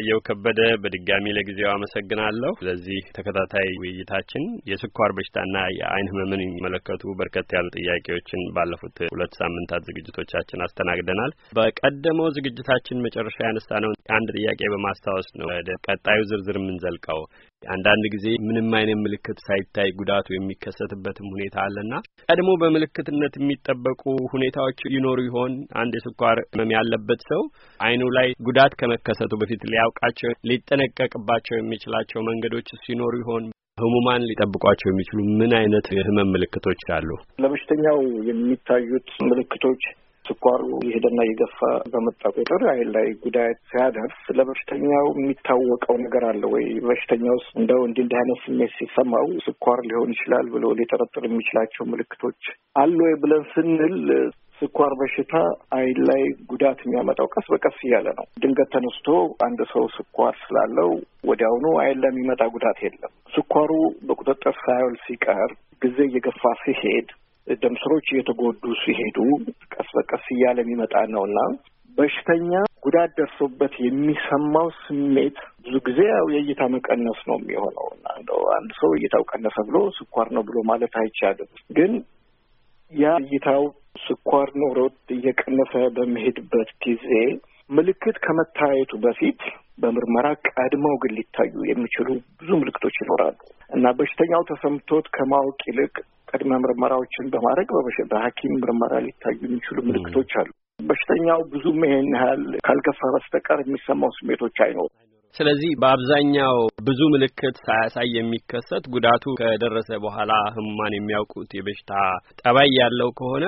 አየው ከበደ በድጋሚ ለጊዜው አመሰግናለሁ። ለዚህ ተከታታይ ውይይታችን የስኳር በሽታና የአይን ህመምን የሚመለከቱ በርከት ያሉ ጥያቄዎችን ባለፉት ሁለት ሳምንታት ዝግጅቶቻችን አስተናግደናል። በቀደመው ዝግጅታችን መጨረሻ ያነሳ ነው አንድ ጥያቄ በማስታወስ ነው ወደ ቀጣዩ ዝርዝር የምንዘልቀው አንዳንድ ጊዜ ምንም አይነት ምልክት ሳይታይ ጉዳቱ የሚከሰትበትም ሁኔታ አለና ቀድሞ በምልክትነት የሚጠበቁ ሁኔታዎች ይኖሩ ይሆን? አንድ የስኳር ህመም ያለበት ሰው አይኑ ላይ ጉዳት ከመከሰቱ በፊት ሊያውቃቸው ሊጠነቀቅባቸው የሚችላቸው መንገዶች ሲኖሩ ይሆን? ህሙማን ሊጠብቋቸው የሚችሉ ምን አይነት የህመም ምልክቶች አሉ? ለበሽተኛው የሚታዩት ምልክቶች ስኳሩ የሄደና የገፋ በመጣ ቁጥር አይን ላይ ጉዳት ሲያደርስ ለበሽተኛው የሚታወቀው ነገር አለ ወይ? በሽተኛው እንደው እንዲህ እንዲህ አይነት ስሜት ሲሰማው ስኳር ሊሆን ይችላል ብሎ ሊጠረጥር የሚችላቸው ምልክቶች አሉ ወይ ብለን ስንል ስኳር በሽታ አይን ላይ ጉዳት የሚያመጣው ቀስ በቀስ እያለ ነው። ድንገት ተነስቶ አንድ ሰው ስኳር ስላለው ወዲያውኑ አይን ላይ የሚመጣ ጉዳት የለም። ስኳሩ በቁጥጥር ሳይውል ሲቀር ጊዜ እየገፋ ሲሄድ ደም ስሮች እየተጎዱ ሲሄዱ ቀስ በቀስ እያለ የሚመጣ ነው እና በሽተኛ ጉዳት ደርሶበት የሚሰማው ስሜት ብዙ ጊዜ ያው የእይታ መቀነስ ነው የሚሆነው እና እንደው አንድ ሰው እይታው ቀነሰ ብሎ ስኳር ነው ብሎ ማለት አይቻልም። ግን ያ እይታው ስኳር ኖሮት እየቀነሰ በሚሄድበት ጊዜ ምልክት ከመታየቱ በፊት በምርመራ ቀድመው ግን ሊታዩ የሚችሉ ብዙ ምልክቶች ይኖራሉ እና በሽተኛው ተሰምቶት ከማወቅ ይልቅ ቅድመ ምርመራዎችን በማድረግ በሐኪም ምርመራ ሊታዩ የሚችሉ ምልክቶች አሉ። በሽተኛው ብዙም ይሄን ያህል ካልከፋ በስተቀር የሚሰማው ስሜቶች አይኖሩም። ስለዚህ በአብዛኛው ብዙ ምልክት ሳያሳይ የሚከሰት ጉዳቱ ከደረሰ በኋላ ህሙማን የሚያውቁት የበሽታ ጠባይ ያለው ከሆነ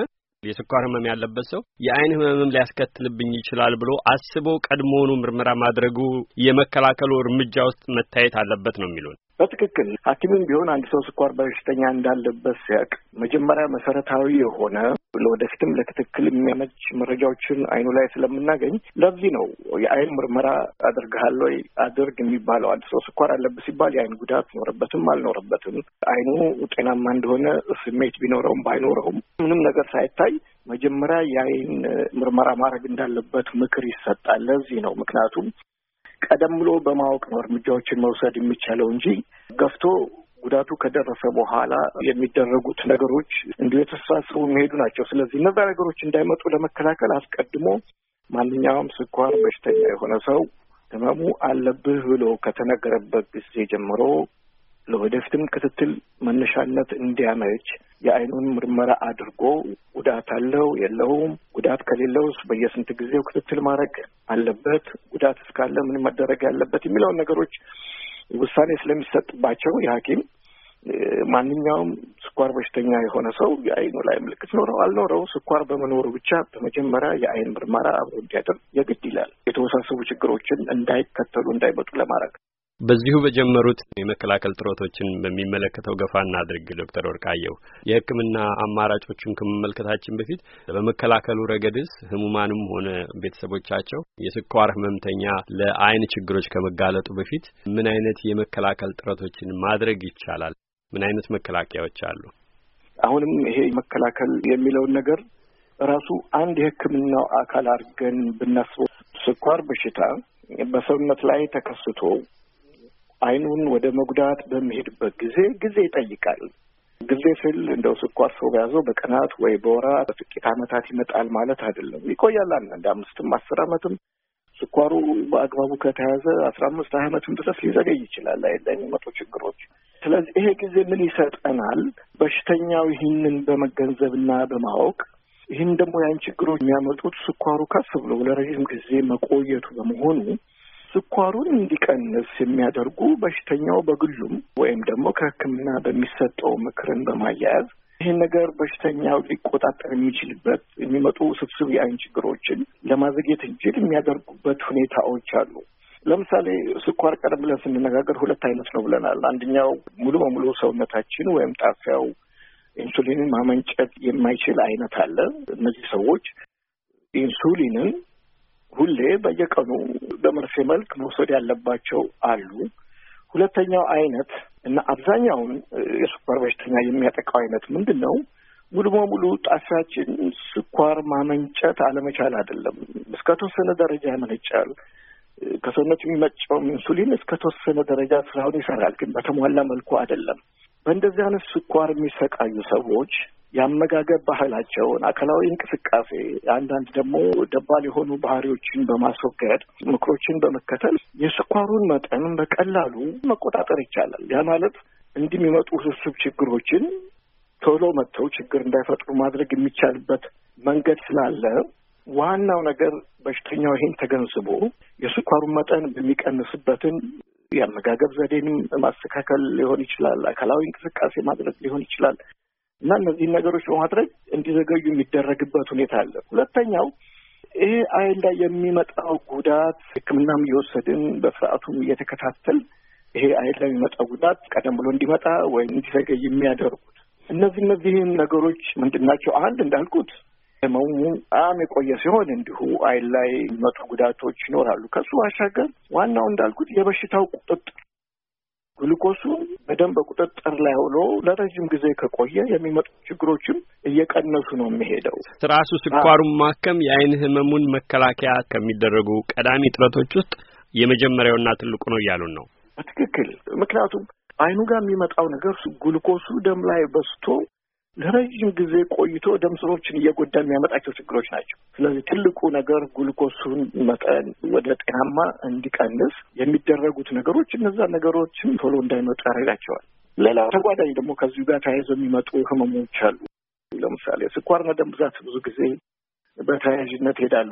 የስኳር ህመም ያለበት ሰው የአይን ህመምም ሊያስከትልብኝ ይችላል ብሎ አስቦ ቀድሞውኑ ምርመራ ማድረጉ የመከላከሉ እርምጃ ውስጥ መታየት አለበት ነው የሚሉን። በትክክል ሐኪምም ቢሆን አንድ ሰው ስኳር በሽተኛ እንዳለበት ሲያቅ መጀመሪያ መሰረታዊ የሆነ ለወደፊትም ለክትክል የሚያመች መረጃዎችን አይኑ ላይ ስለምናገኝ ለዚህ ነው የአይን ምርመራ አድርግሃል ወይ አድርግ የሚባለው። አንድ ሰው ስኳር አለበት ሲባል የአይን ጉዳት ኖረበትም አልኖረበትም አይኑ ጤናማ እንደሆነ ስሜት ቢኖረውም ባይኖረውም ምንም ነገር ሳይታይ መጀመሪያ የአይን ምርመራ ማድረግ እንዳለበት ምክር ይሰጣል። ለዚህ ነው ምክንያቱም ቀደም ብሎ በማወቅ ነው እርምጃዎችን መውሰድ የሚቻለው እንጂ ገፍቶ ጉዳቱ ከደረሰ በኋላ የሚደረጉት ነገሮች እንዲሁ የተሳሰቡ የሚሄዱ ናቸው። ስለዚህ እነዛ ነገሮች እንዳይመጡ ለመከላከል አስቀድሞ ማንኛውም ስኳር በሽተኛ የሆነ ሰው ህመሙ አለብህ ብሎ ከተነገረበት ጊዜ ጀምሮ ለወደፊትም ክትትል መነሻነት እንዲያመች የአይኑን ምርመራ አድርጎ ጉዳት አለው የለውም፣ ጉዳት ከሌለው በየስንት ጊዜው ክትትል ማድረግ አለበት፣ ጉዳት እስካለ ምን መደረግ ያለበት የሚለውን ነገሮች ውሳኔ ስለሚሰጥባቸው የሐኪም ማንኛውም ስኳር በሽተኛ የሆነ ሰው የአይኑ ላይ ምልክት ኖረው አልኖረው ስኳር በመኖሩ ብቻ በመጀመሪያ የአይን ምርመራ አብሮ እንዲያደርግ የግድ ይላል። የተወሳሰቡ ችግሮችን እንዳይከተሉ እንዳይመጡ ለማድረግ በዚሁ በጀመሩት የመከላከል ጥረቶችን በሚመለከተው ገፋ እናድርግ። ዶክተር ወርቃየሁ የሕክምና አማራጮችን ከመመልከታችን በፊት በመከላከሉ ረገድስ ህሙማንም ሆነ ቤተሰቦቻቸው የስኳር ህመምተኛ ለአይን ችግሮች ከመጋለጡ በፊት ምን አይነት የመከላከል ጥረቶችን ማድረግ ይቻላል? ምን አይነት መከላከያዎች አሉ? አሁንም ይሄ መከላከል የሚለውን ነገር ራሱ አንድ የሕክምናው አካል አድርገን ብናስበው ስኳር በሽታ በሰውነት ላይ ተከስቶ አይኑን ወደ መጉዳት በሚሄድበት ጊዜ ጊዜ ይጠይቃል። ጊዜ ስል እንደው ስኳር ሰው በያዘው በቀናት ወይ በወራት በጥቂት ዓመታት ይመጣል ማለት አይደለም። ይቆያል። አንዳንድ አምስትም አስር ዓመትም ስኳሩ በአግባቡ ከተያዘ አስራ አምስት ሀያ ዓመትም ድረስ ሊዘገይ ይችላል። አይ ለሚመጡ ችግሮች። ስለዚህ ይሄ ጊዜ ምን ይሰጠናል? በሽተኛው ይህንን በመገንዘብና በማወቅ ይህን ደግሞ ያን ችግሮች የሚያመጡት ስኳሩ ከፍ ብሎ ለረዥም ጊዜ መቆየቱ በመሆኑ ስኳሩን እንዲቀንስ የሚያደርጉ በሽተኛው በግሉም ወይም ደግሞ ከሕክምና በሚሰጠው ምክርን በማያያዝ ይህን ነገር በሽተኛው ሊቆጣጠር የሚችልበት የሚመጡ ውስብስብ የአይን ችግሮችን ለማዘግየት እንችል የሚያደርጉበት ሁኔታዎች አሉ። ለምሳሌ ስኳር ቀደም ብለን ስንነጋገር ሁለት አይነት ነው ብለናል። አንደኛው ሙሉ በሙሉ ሰውነታችን ወይም ጣፊያው ኢንሱሊንን ማመንጨት የማይችል አይነት አለ። እነዚህ ሰዎች ኢንሱሊንን ሁሌ በየቀኑ በመርፌ መልክ መውሰድ ያለባቸው አሉ። ሁለተኛው አይነት እና አብዛኛውን የስኳር በሽተኛ የሚያጠቃው አይነት ምንድን ነው? ሙሉ በሙሉ ጣፊያችን ስኳር ማመንጨት አለመቻል አይደለም። እስከ ተወሰነ ደረጃ ያመነጫል። ከሰውነት የሚመጫውም ኢንሱሊን እስከ ተወሰነ ደረጃ ስራውን ይሰራል፣ ግን በተሟላ መልኩ አይደለም። በእንደዚህ አይነት ስኳር የሚሰቃዩ ሰዎች የአመጋገብ ባህላቸውን፣ አካላዊ እንቅስቃሴ፣ አንዳንድ ደግሞ ደባል የሆኑ ባህሪዎችን በማስወገድ ምክሮችን በመከተል የስኳሩን መጠን በቀላሉ መቆጣጠር ይቻላል። ያ ማለት እንዲህ የሚመጡ ውስብስብ ችግሮችን ቶሎ መጥተው ችግር እንዳይፈጥሩ ማድረግ የሚቻልበት መንገድ ስላለ ዋናው ነገር በሽተኛው ይሄን ተገንዝቦ የስኳሩን መጠን የሚቀንስበትን የአመጋገብ ዘዴንም ማስተካከል ሊሆን ይችላል። አካላዊ እንቅስቃሴ ማድረግ ሊሆን ይችላል። እና እነዚህን ነገሮች በማድረግ እንዲዘገዩ የሚደረግበት ሁኔታ አለ። ሁለተኛው ይህ አይን ላይ የሚመጣው ጉዳት ሕክምናም እየወሰድን በስርዓቱም እየተከታተል ይሄ አይን ላይ የሚመጣው ጉዳት ቀደም ብሎ እንዲመጣ ወይም እንዲዘገይ የሚያደርጉት እነዚህ እነዚህም ነገሮች ምንድን ናቸው? አንድ እንዳልኩት ህመሙ በጣም የቆየ ሲሆን እንዲሁ አይን ላይ የሚመጡ ጉዳቶች ይኖራሉ። ከሱ ባሻገር ዋናው እንዳልኩት የበሽታው ቁጥጥር ግሉኮሱን በደንብ በቁጥጥር ላይ ሆኖ ለረዥም ጊዜ ከቆየ የሚመጡ ችግሮችም እየቀነሱ ነው የሚሄደው። ራሱ ስኳሩን ማከም የአይን ህመሙን መከላከያ ከሚደረጉ ቀዳሚ ጥረቶች ውስጥ የመጀመሪያውና ትልቁ ነው እያሉን ነው። በትክክል ምክንያቱም አይኑ ጋር የሚመጣው ነገር ግሉኮሱ ደም ላይ በዝቶ ለረዥም ጊዜ ቆይቶ ደም ስሮችን እየጎዳ የሚያመጣቸው ችግሮች ናቸው። ስለዚህ ትልቁ ነገር ጉልኮሱን መጠን ወደ ጤናማ እንዲቀንስ የሚደረጉት ነገሮች እነዛ ነገሮችን ቶሎ እንዳይመጡ ያደርጋቸዋል። ሌላ ተጓዳኝ ደግሞ ከዚሁ ጋር ተያይዘው የሚመጡ ህመሞች አሉ። ለምሳሌ ስኳርና ደም ብዛት ብዙ ጊዜ በተያያዥነት ይሄዳሉ።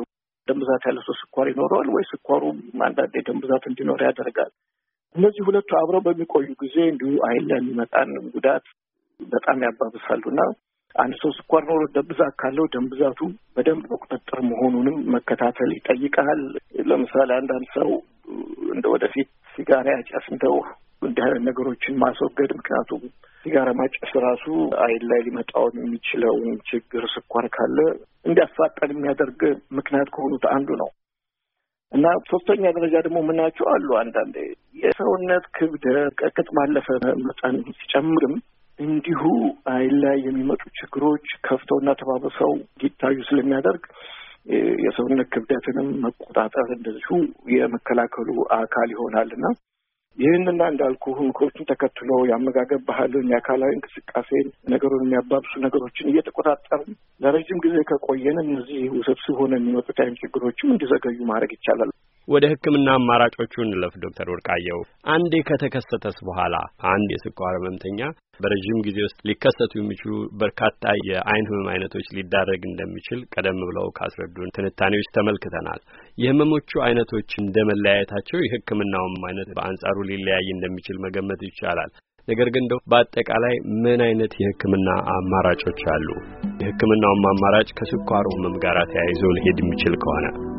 ደም ብዛት ያለ ሰው ስኳር ይኖረዋል ወይ ስኳሩ አንዳንዴ ደም ብዛት እንዲኖር ያደርጋል። እነዚህ ሁለቱ አብረው በሚቆዩ ጊዜ እንዲሁ አይን ላይ የሚመጣን ጉዳት በጣም ያባብሳሉ እና አንድ ሰው ስኳር ኖሮ ደብዛት ካለው ደንብዛቱ በደንብ በቁጥጥር መሆኑንም መከታተል ይጠይቃል። ለምሳሌ አንዳንድ ሰው እንደ ወደፊት ሲጋራ ያጨስ እንደው እንዲህ አይነት ነገሮችን ማስወገድ ምክንያቱም ሲጋራ ማጨስ ራሱ አይን ላይ ሊመጣውን የሚችለውን ችግር ስኳር ካለ እንዲያፋጠን የሚያደርግ ምክንያት ከሆኑት አንዱ ነው እና ሶስተኛ ደረጃ ደግሞ ምናቸው አሉ አንዳንዴ የሰውነት ክብደት ከቅጥ ባለፈ መጠን ሲጨምርም እንዲሁ አይን ላይ የሚመጡ ችግሮች ከፍተውና ተባብሰው ሊታዩ ስለሚያደርግ የሰውነት ክብደትንም መቆጣጠር እንደዚሁ የመከላከሉ አካል ይሆናልና ይህንና እንዳልኩ ምክሮችን ተከትሎ የአመጋገብ ባህልን፣ የአካላዊ እንቅስቃሴን፣ ነገሩን የሚያባብሱ ነገሮችን እየተቆጣጠር ለረጅም ጊዜ ከቆየን እነዚህ ውስብስብ ሆነ የሚመጡት አይነት ችግሮችም እንዲዘገዩ ማድረግ ይቻላል። ወደ ሕክምና አማራጮቹ እንለፍ። ዶክተር ወርቃየው አንዴ ከተከሰተስ በኋላ አንድ የስኳር ህመምተኛ በረዥም ጊዜ ውስጥ ሊከሰቱ የሚችሉ በርካታ የአይን ህመም አይነቶች ሊዳረግ እንደሚችል ቀደም ብለው ካስረዱን ትንታኔዎች ተመልክተናል። የህመሞቹ አይነቶች እንደ መለያየታቸው የሕክምናውም አይነት በአንጻሩ ሊለያይ እንደሚችል መገመት ይቻላል። ነገር ግን እንደው በአጠቃላይ ምን አይነት የህክምና አማራጮች አሉ? የህክምናውም አማራጭ ከስኳሩ ህመም ጋር ተያይዞ ሊሄድ የሚችል ከሆነ